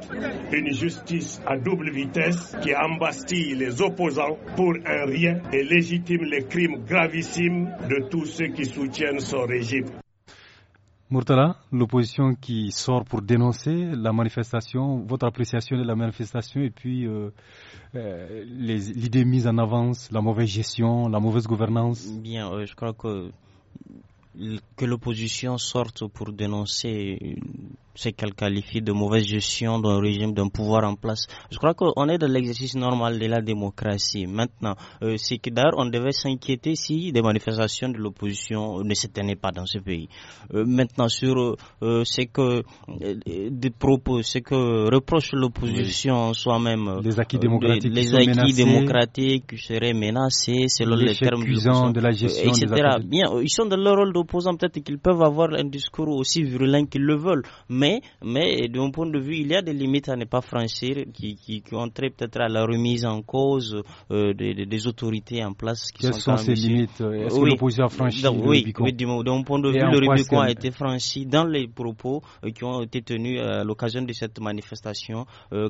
[SPEAKER 6] une justice à double vitesse qui embastille les opposants pour un rien et légitime les crimes gravissimes de tous ceux qui soutiennent
[SPEAKER 1] Murtala, l'opposition qui sort pour dénoncer la manifestation, votre appréciation de la manifestation et puis euh, euh, l'idée mise en avance, la mauvaise gestion, la mauvaise gouvernance
[SPEAKER 2] Bien, euh, je crois que que l'opposition sorte pour dénoncer ce qu'elle qualifie de mauvaise gestion d'un régime, d'un pouvoir en place. Je crois qu'on est dans l'exercice normal de la démocratie. Maintenant, euh, c'est que d'ailleurs, on devait s'inquiéter si des manifestations de l'opposition ne s'éteignaient pas dans ce pays. Euh, maintenant, sur euh, ce que des propos, ce que reproche l'opposition soi-même, les acquis démocratiques, les, acquis démocratiques seraient menacés selon les, termes de la gestion, etc. Bien, ils sont dans leur rôle d'opposants, peut-être qu'ils peuvent avoir un discours aussi virulent qu'ils le veulent, mais mais, d'un de mon point de vue, il y a des limites à ne pas franchir qui, qui, ont trait peut-être à la remise en cause euh, des, autorités en place. Qui Quelles sont, ces limites euh, Est-ce que l'opposition a franchi le Oui, oui de, mon, point de vue, le Rubicon a été franchi dans les propos euh, qui ont été tenus à l'occasion de cette manifestation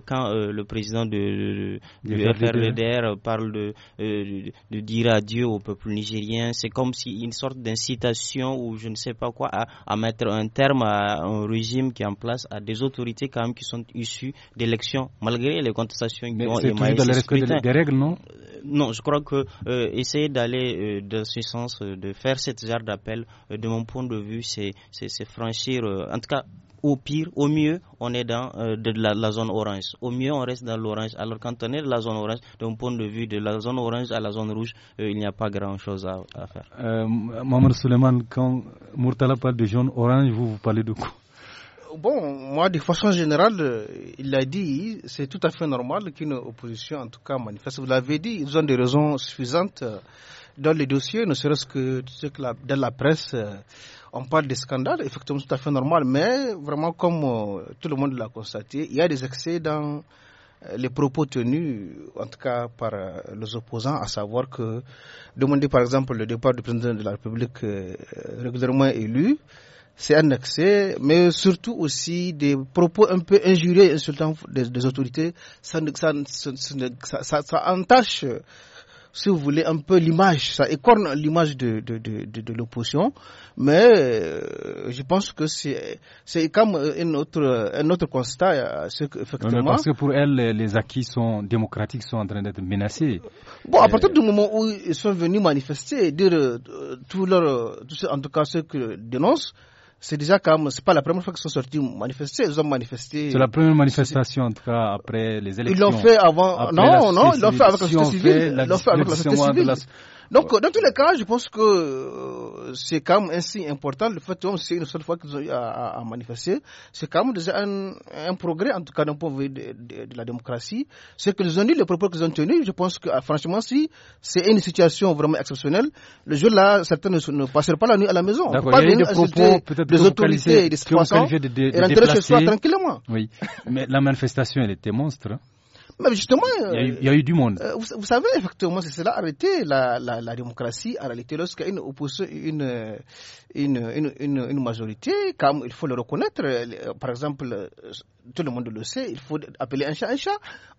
[SPEAKER 2] quand le président de, de, parle de, dire adieu au peuple nigérien. C'est comme si une sorte d'incitation ou je ne sais pas quoi à, à mettre un terme à un régime qui en place à des autorités quand même qui sont issues d'élections, malgré les contestations qui ont émaillé dans le respect des, règles, non euh, Non, je crois que euh, essayer d'aller euh, dans ce sens, de faire cette genre d'appel, de mon point de vue, c'est franchir, en tout cas, au pire, au mieux, on est dans de la, zone orange. Au mieux, on reste dans l'orange. Alors, quand on est dans la zone orange, d'un point de vue de la zone orange à la zone rouge,
[SPEAKER 5] il n'y a pas grand-chose à, faire.
[SPEAKER 1] Euh, Maman Suleiman, quand Murtala parle de jaune orange, vous, vous parlez de quoi
[SPEAKER 5] bon, moi, de façon générale, il a dit, c'est tout à fait normal qu'une opposition, en tout cas, manifeste. Vous l'avez dit, ils ont des raisons suffisantes euh, dans les dossiers, ne serait-ce que, que dans la presse, euh, on parle des scandales, effectivement, c'est tout à fait normal, mais vraiment, comme euh, tout le monde l'a constaté, il y a des excès dans les propos tenus, en tout cas par les opposants, à savoir que demander par exemple le départ du président de la République régulièrement élu, c'est un accès, mais surtout aussi des propos un peu injurieux insultants des, autorités, ça, ça, entache, si vous voulez, un peu l'image, ça écorne l'image de, de, de, l'opposition, mais euh, je pense que c'est comme une autre, un autre constat, euh, Parce que pour elle,
[SPEAKER 1] les acquis sont démocratiques sont en train d'être menacés.
[SPEAKER 5] Bon, à partir du moment où ils sont venus manifester, dire euh, tout leur, tout ce, en tout cas ce qu'ils dénoncent, c'est déjà comme c'est pas la première fois qu'ils sont sortis manifester, ils ont manifesté. C'est la
[SPEAKER 1] première manifestation, en tout cas,
[SPEAKER 5] après les élections. Ils l'ont fait avant, non, non, ils l'ont fait avec la société civile. Ils l'ont fait avec la société civile. Donc, dans tous les cas, je pense que euh, c'est quand même ainsi important. Le fait que c'est une seule fois qu'ils ont eu à, manifester, c'est quand même déjà un, progrès, en tout cas d'un point de vue de, la démocratie. Ce qu'ils ont dit, les propos qu'ils ont tenus, je pense que, ah, franchement, si c'est une situation vraiment exceptionnelle, le jour-là, certains ne, passeraient pas la nuit à la maison. On peut pas venir des, les autorités et les situations de, et rentrer chez tranquillement.
[SPEAKER 1] Oui, mais la manifestation, elle était monstre. Hein.
[SPEAKER 5] Mais justement. Il
[SPEAKER 1] y a eu, euh, du monde. Euh,
[SPEAKER 5] vous, savez, effectivement, c'est cela, arrêter la, la, la, démocratie. En réalité, lorsqu'il y a une une, majorité, comme il faut le reconnaître, euh, par exemple, tout le monde le sait, il faut appeler un chat un chat.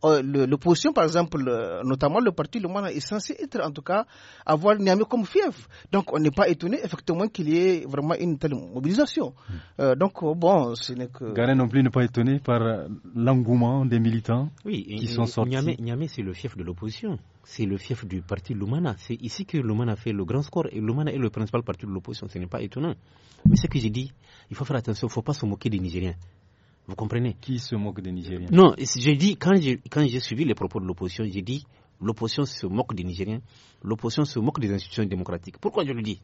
[SPEAKER 5] Euh, l'opposition, par exemple, euh, notamment le parti Lumana, est censé être, en tout cas, avoir Niamey comme fief. Donc, on n'est pas étonné, effectivement, qu'il y ait vraiment une telle mobilisation. Hmm. Euh, donc, bon, ce n'est que. Garen
[SPEAKER 1] non plus n'est pas étonné par l'engouement des militants qui sont sortis.
[SPEAKER 4] Niamey, c'est le fief de l'opposition. C'est le fief du parti Lumana. C'est ici que Lumana fait le grand score et Lumana est le principal parti de l'opposition. Ce n'est pas étonnant. Mais ce que j'ai dit, il faut faire attention, il ne faut pas se moquer des Nigériens. Vous comprenez Qui se moque des Nigériens Non, j'ai dit, quand j'ai, suivi les propos de l'opposition, j'ai dit, l'opposition se moque des Nigériens, l'opposition se moque des institutions démocratiques. Pourquoi
[SPEAKER 1] je le dis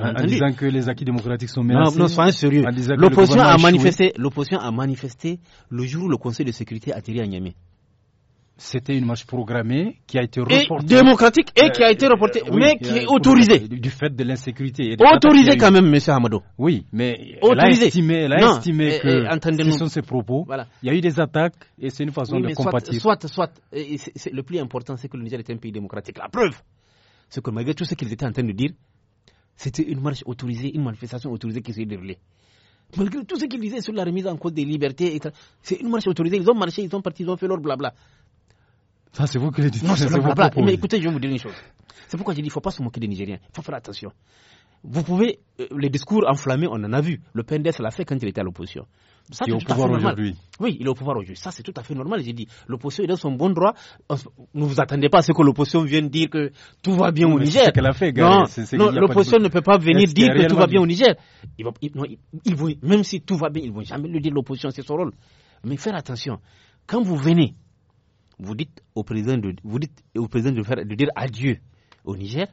[SPEAKER 1] en, disant que les acquis démocratiques sont menacés. Non, non sérieux. L'opposition a, manifesté,
[SPEAKER 4] l'opposition a manifesté le jour où le Conseil de sécurité a tiré à
[SPEAKER 1] Niamey c'était une marche programmée qui a été reportée. Et
[SPEAKER 4] démocratique et qui a euh, été reportée, mais qui, est autorisée.
[SPEAKER 1] Du fait de l'insécurité. Autorisée quand même, monsieur Hamado Oui, mais elle a estimé, estimé que sont ses propos. Il y a eu des attaques et c'est une façon de compatir.
[SPEAKER 4] Soit, soit, le plus important, c'est que le Niger est un pays démocratique. La preuve, c'est que malgré tout ce qu'ils étaient en train de dire, c'était une marche autorisée, une manifestation autorisée qui s'est déroulée malgré tout ce qu'ils disaient sur la remise en cause des libertés, c'est une marche autorisée. Ils ont marché, ils sont partis, ils ont fait leur blabla.
[SPEAKER 1] Ça, c'est vous qui le dites. Non, c'est Mais écoutez,
[SPEAKER 4] je vais vous dire une chose. C'est pourquoi je dis il ne faut pas se moquer des Nigériens. Il faut faire attention. Vous pouvez. Euh, les discours enflammés, on en a vu. Le PNDS l'a fait quand il était à l'opposition. Ça, il est, au pouvoir aujourd'hui. Oui, il est au pouvoir aujourd'hui. Ça, c'est tout à fait normal. J'ai dit, l'opposition est dans son bon droit. Ne vous attendez pas à ce que l'opposition vienne dire que tout va bien au Niger. C'est ce fait, Non, non l'opposition ne peut pas venir dire que tout va bien au Niger. même si tout va bien, ils ne vont jamais le dire, l'opposition, c'est son rôle. Mais faire attention. Quand vous venez vous dites au président de, vous dites au président de, faire, de dire adieu au Niger,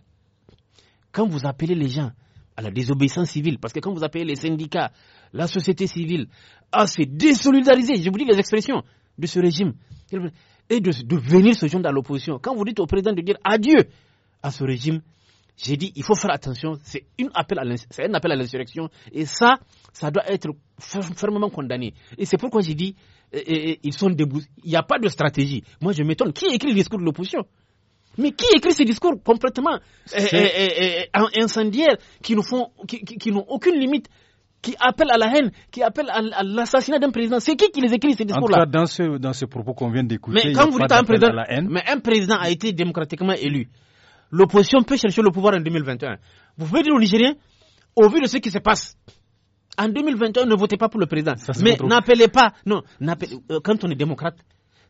[SPEAKER 4] quand vous appelez les gens à la désobéissance civile, parce que quand vous appelez les syndicats, la société civile à se désolidariser, je vous dis les expressions de ce régime, et de, venir se joindre à l'opposition, quand vous dites au président de dire adieu à ce régime, j'ai dit, il faut faire attention, c'est un appel à l'insurrection, et ça, ça doit être fermement condamné. Et c'est pourquoi j'ai dit, ils sont Il n'y a pas de stratégie. Moi, je m'étonne. Qui écrit le discours de l'opposition mais qui écrit ces discours complètement eh, eh, eh, incendiaires qui nous qui, n'ont aucune limite, qui appelle à la haine, qui appelle à, l'assassinat d'un président C'est qui qui les écrit ces discours-là
[SPEAKER 1] dans ce, dans propos qu'on vient d'écouter, mais quand vous dites un président, la
[SPEAKER 4] mais un président a été démocratiquement élu. L'opposition peut chercher le pouvoir en 2021. Vous pouvez dire aux Nigériens, au vu de ce qui se passe, en 2021, ne votez pas pour le président. Mais n'appelez pas. Non, euh, quand on est démocrate,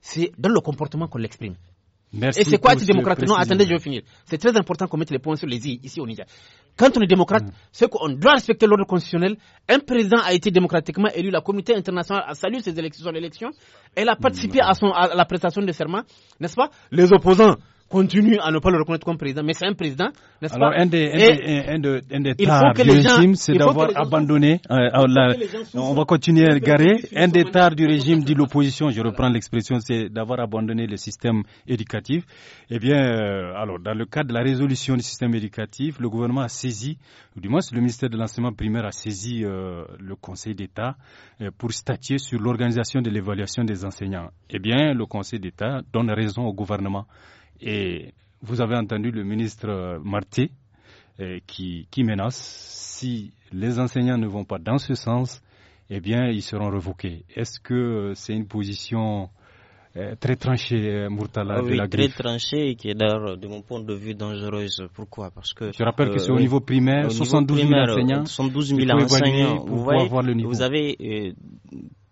[SPEAKER 4] c'est dans le comportement qu'on l'exprime.
[SPEAKER 5] Merci Et c'est quoi être démocrate Non, attendez, je
[SPEAKER 4] vais finir. C'est très important qu'on mette les points sur les i ici au Niger. Quand on est démocrate, mm. c'est qu'on doit respecter l'ordre constitutionnel. Un président a été démocratiquement élu. La communauté internationale a salué ses élections, Elle a participé mm. à, la prestation de serment, n'est-ce pas Les opposants continue à ne pas le reconnaître comme président, mais c'est un
[SPEAKER 1] président, n'est-ce pas un des, un, des, un, des du régime, c'est d'avoir abandonné. Euh, on va continuer à garer. Un des tards du régime, dit l'opposition, je reprends l'expression, c'est d'avoir abandonné le système éducatif. Eh bien, euh, alors, dans le cadre de la résolution du système éducatif, le gouvernement a saisi, du moins le ministère de l'enseignement primaire a saisi euh, le Conseil d'État pour statuer sur l'organisation de l'évaluation des enseignants. Eh bien, le Conseil d'État donne raison au gouvernement. Et vous avez entendu le ministre euh, Marty euh, qui, menace si les enseignants ne vont pas dans ce sens, eh bien, ils seront revoqués. Est-ce que euh, c'est une position très tranchée, Mourtala? de la Très
[SPEAKER 2] tranchée qui est d'ailleurs, de mon point de vue, dangereuse. Pourquoi Parce que je rappelle que c'est au niveau primaire, 72 000 enseignants, 72 enseignants. Vous, voyez, le niveau. vous avez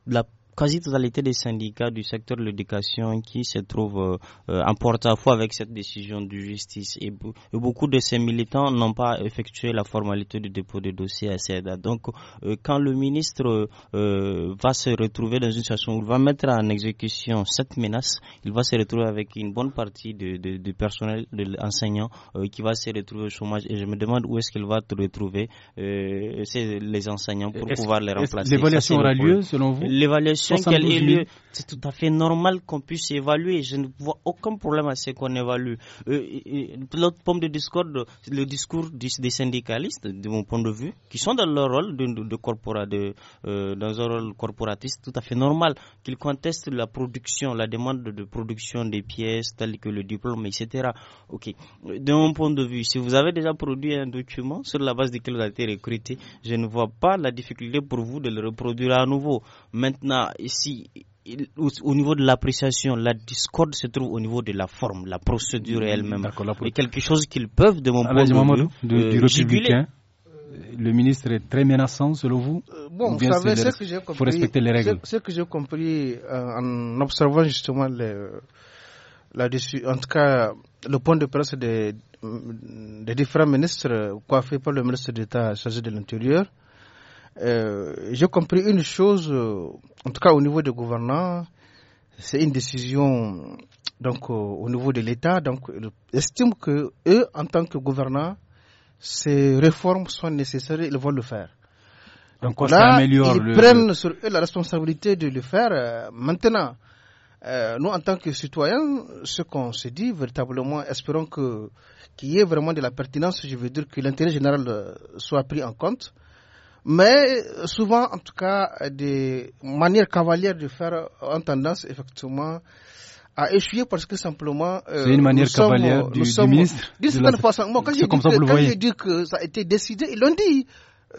[SPEAKER 2] la quasi-totalité des syndicats du secteur de l'éducation qui se trouvent euh, en porte-à-faux avec cette décision de justice. Et, beaucoup de ces militants n'ont pas effectué la formalité du dépôt de dossier à CEDA. Donc, euh, quand le ministre euh, va se retrouver dans une situation où il va mettre en exécution cette menace, il va se retrouver avec une bonne partie du de, personnel, de l'enseignant qui va se retrouver au chômage. Et je me demande où est-ce qu'il va retrouver les enseignants pour pouvoir les remplacer. L'évaluation aura lieu, selon vous L'évaluation lieu, c'est tout à fait normal qu'on puisse évaluer. Je ne vois aucun problème à ce qu'on évalue. Euh, l'autre pomme de discorde, le discours des, syndicalistes, de mon point de vue, qui sont dans leur rôle de, de, euh, dans un rôle corporatiste tout à fait normal, qu'ils contestent la production, la demande de production des pièces telles que le diplôme, etc. Ok. De mon point de vue, si vous avez déjà produit un document sur la base duquel vous avez été recruté, je ne vois pas la difficulté pour vous de le reproduire à nouveau. Maintenant, ici, au niveau de l'appréciation, la discorde se trouve au niveau de la forme, la procédure mm, elle-même. Et quelque chose qu'ils peuvent, de mon
[SPEAKER 1] point de vue, du euh, euh, le ministre est très menaçant selon vous
[SPEAKER 5] euh, Bon, vous savez, ce que j'ai compris, faut respecter les règles. Ce, que j'ai compris en observant justement en tout cas, le point de presse des, différents ministres, fait par le ministre d'État chargé de l'Intérieur, euh, j'ai compris une chose, euh, en tout cas au niveau des gouvernants, c'est une décision donc euh, au niveau de l'État. Donc, estime que eux, en tant que gouvernants, ces réformes sont nécessaires, et ils vont le faire. Donc là, ils prennent sur eux la responsabilité de le faire. Maintenant, nous, en tant que citoyens, ce qu'on se dit véritablement, espérons que qu'il y ait vraiment de la pertinence, je veux dire que l'intérêt général soit pris en compte. Mais souvent, en tout cas, des manières cavalières de faire ont tendance effectivement à échouer parce que simplement. Euh, c'est une manière cavalière du, ministre. D'une certaine la... façon, moi, quand, je dis, que, quand je dis, que, ça a été décidé, ils l'ont dit.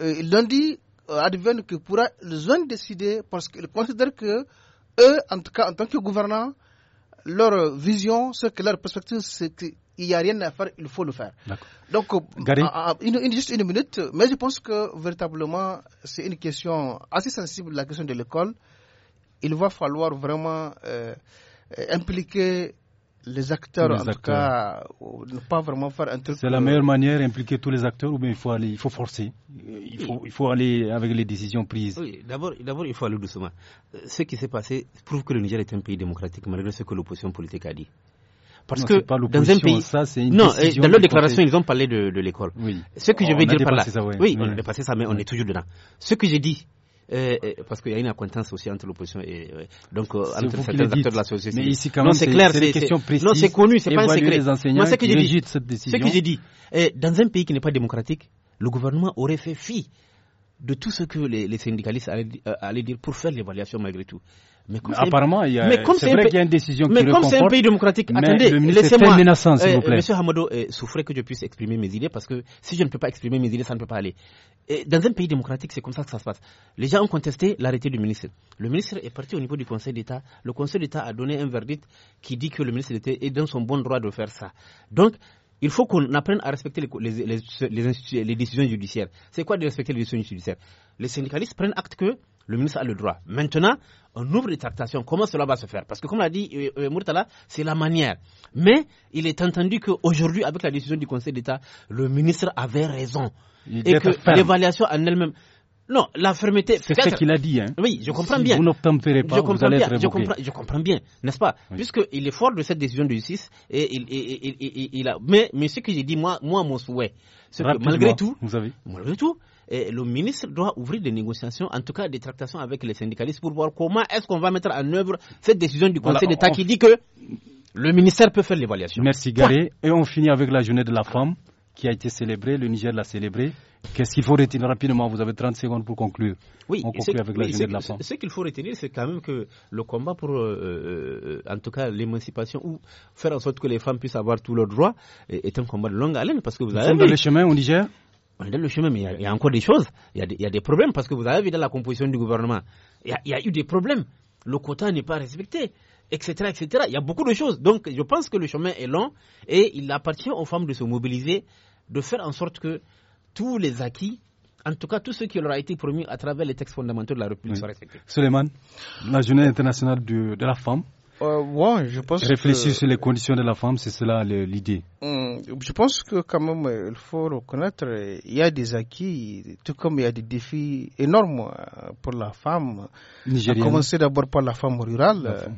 [SPEAKER 5] Euh, ils l'ont dit, euh, que pourra, ils ont décidé parce qu'ils considèrent que eux, en tout cas, en tant que gouvernants, leur vision, ce que leur perspective, c'est il n'y a rien à faire, il faut le faire. Donc, euh, euh, juste une minute, mais je pense que véritablement, c'est une question assez sensible, la question de l'école. Il va falloir vraiment euh, impliquer les acteurs, en tout cas, ne pas vraiment faire un truc. C'est la meilleure
[SPEAKER 1] manière d'impliquer tous les acteurs ou bien il faut, il faut forcer il faut, il faut aller avec les décisions prises Oui, d'abord, il faut aller doucement. Ce qui s'est passé prouve que le Niger est un pays démocratique,
[SPEAKER 4] malgré ce que l'opposition politique a dit. Parce que dans un pays. Ça, une non, dans leur déclaration, ils ont parlé de, l'école. Ce que je veux dire par là. Oui, on a dépassé ça, mais on est toujours dedans. Ce que j'ai dit, euh, parce qu'il y a une acquaintance aussi entre l'opposition et donc euh, entre certains acteurs de la société. Mais ici, quand c'est clair, c'est Non, c'est connu, c'est pas un secret. Les enseignants ce que j'ai dit, cette décision. ce que j'ai dit, euh, dans un pays qui n'est pas démocratique, le gouvernement aurait fait fi de tout ce que les, syndicalistes allaient, dire pour faire l'évaluation malgré tout. Mais comme apparemment, il y a, c'est vrai qu'il y a une décision le qui Mais comme c'est un pays démocratique, attendez, laissez-moi. s'il euh, vous plaît. Monsieur Hamado, euh, souffrez que je puisse exprimer mes idées parce que si je ne peux pas exprimer mes idées, ça ne peut pas aller. dans un pays démocratique, c'est comme ça que ça se passe. Les gens ont contesté l'arrêté du ministre. Le ministre est parti au niveau du Conseil d'État. Le Conseil d'État a donné un verdict qui dit que le ministre était dans son bon droit de faire ça. Donc, il faut qu'on apprenne à respecter les, décisions judiciaires. C'est quoi de respecter les décisions judiciaires Les syndicalistes prennent acte que le ministre a le droit. Maintenant, on ouvre les tractations. Comment cela va se faire Parce que, comme l'a dit euh, euh, Mourtala, c'est la manière. Mais il est entendu qu'aujourd'hui, avec la décision du Conseil d'État, le ministre avait raison. et que l'évaluation en elle-même. Non, la fermeté. C'est ce qu'il a dit. Hein. Oui, je comprends si bien. Vous n'obtempérez pas, je vous allez être je comprends, je comprends, bien, n'est-ce pas Puisque Puisqu'il est fort de cette décision de justice. Et il, a... mais, mais ce que j'ai dit, moi, moi, mon souhait, c'est que malgré tout, malgré tout, eh, le ministre doit ouvrir des négociations, en tout cas des tractations avec les syndicalistes pour voir comment est-ce qu'on va mettre en œuvre cette décision du Conseil d'État qui dit
[SPEAKER 1] que le ministère peut faire l'évaluation. Merci Garé. Et on finit avec la journée de la femme qui a été célébré, le Niger l'a célébré. Qu'est-ce qu'il faut retenir rapidement Vous avez 30 secondes pour conclure. Oui, avec la de la femme. Ce qu'il faut retenir, c'est quand même que le combat pour, euh, euh,
[SPEAKER 4] en tout cas, l'émancipation ou faire en sorte que les femmes puissent avoir tous leurs droits est, un combat de longue haleine parce que vous avez. dans le chemin au Niger on est dans le chemin, mais il y, a, encore des choses. Il y a des, problèmes parce que vous avez vu dans la composition du gouvernement, il y il y a eu des problèmes. Le quota n'est pas respecté etc., etc. Il y a beaucoup de choses. Donc, je pense que le chemin est long et il appartient aux femmes de se mobiliser de faire en sorte que tous les acquis en tout cas tout ce qui leur a été promis à travers les
[SPEAKER 5] textes fondamentaux de la République soient respectés.
[SPEAKER 1] Suleiman, la journée internationale de, la femme.
[SPEAKER 5] Euh, je pense Réfléchir sur
[SPEAKER 1] les conditions de la femme, c'est cela l'idée.
[SPEAKER 5] Hmm, je pense que quand même, il faut reconnaître, il y a des acquis, tout comme il y a des défis énormes euh, pour la femme. Nigérienne. À commencer d'abord par la femme rurale, euh,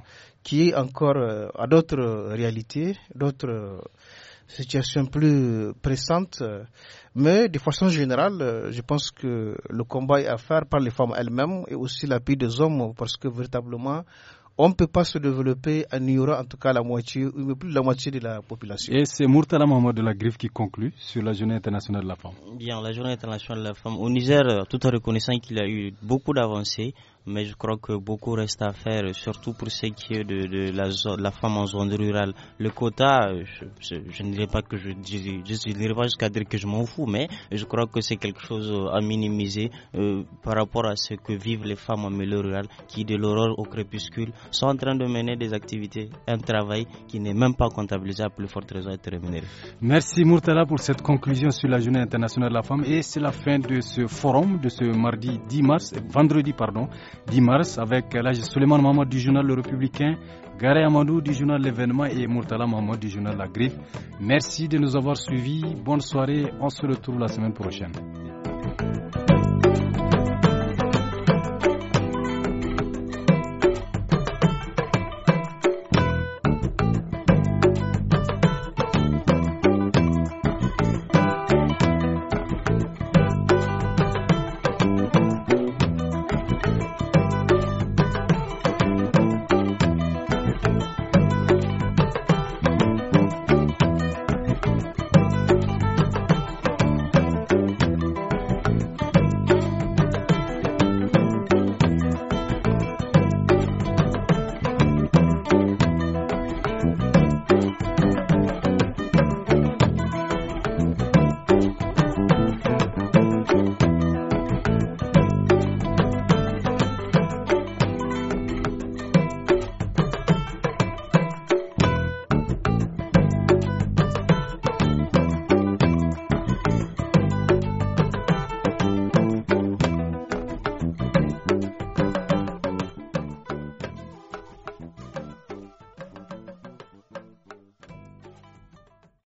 [SPEAKER 5] qui est encore euh, à d'autres réalités, d'autres situation plus pressante. Mais de façon générale, je pense que le combat est à faire par les femmes elles-mêmes et aussi l'appui des hommes parce que véritablement, on ne peut pas se développer en ignorant en tout cas la moitié, ou plus la moitié de la population. Et c'est Murtala Mohamed de la Griffe qui conclut
[SPEAKER 1] sur la Journée internationale de la femme.
[SPEAKER 2] Bien, la Journée internationale de la femme. Au Niger, tout en reconnaissant qu'il a eu beaucoup d'avancées, mais je crois que beaucoup reste à faire, surtout pour ce qui est de, la, femme en zone rurale. Le quota, je, ne dirais pas que je, je, je pas jusqu'à dire que je m'en fous, mais je crois que c'est quelque chose euh, à minimiser euh, par rapport à ce que vivent les femmes en milieu rural, qui de l'aurore au crépuscule sont en train de mener des activités, un travail qui n'est même pas comptabilisé à plus forte raison être rémunéré.
[SPEAKER 1] Merci Murtala pour cette conclusion sur la Journée internationale de la femme et c'est la fin de ce forum de ce mardi 10 mars, vendredi pardon. 10 mars avec l'âge Suleiman Mahmoud du journal Le Républicain, Gare Amadou du journal L'événement et Murtala Mahmoud du journal La Griffe. Merci de nous avoir suivis. Bonne soirée. On se retrouve la semaine prochaine.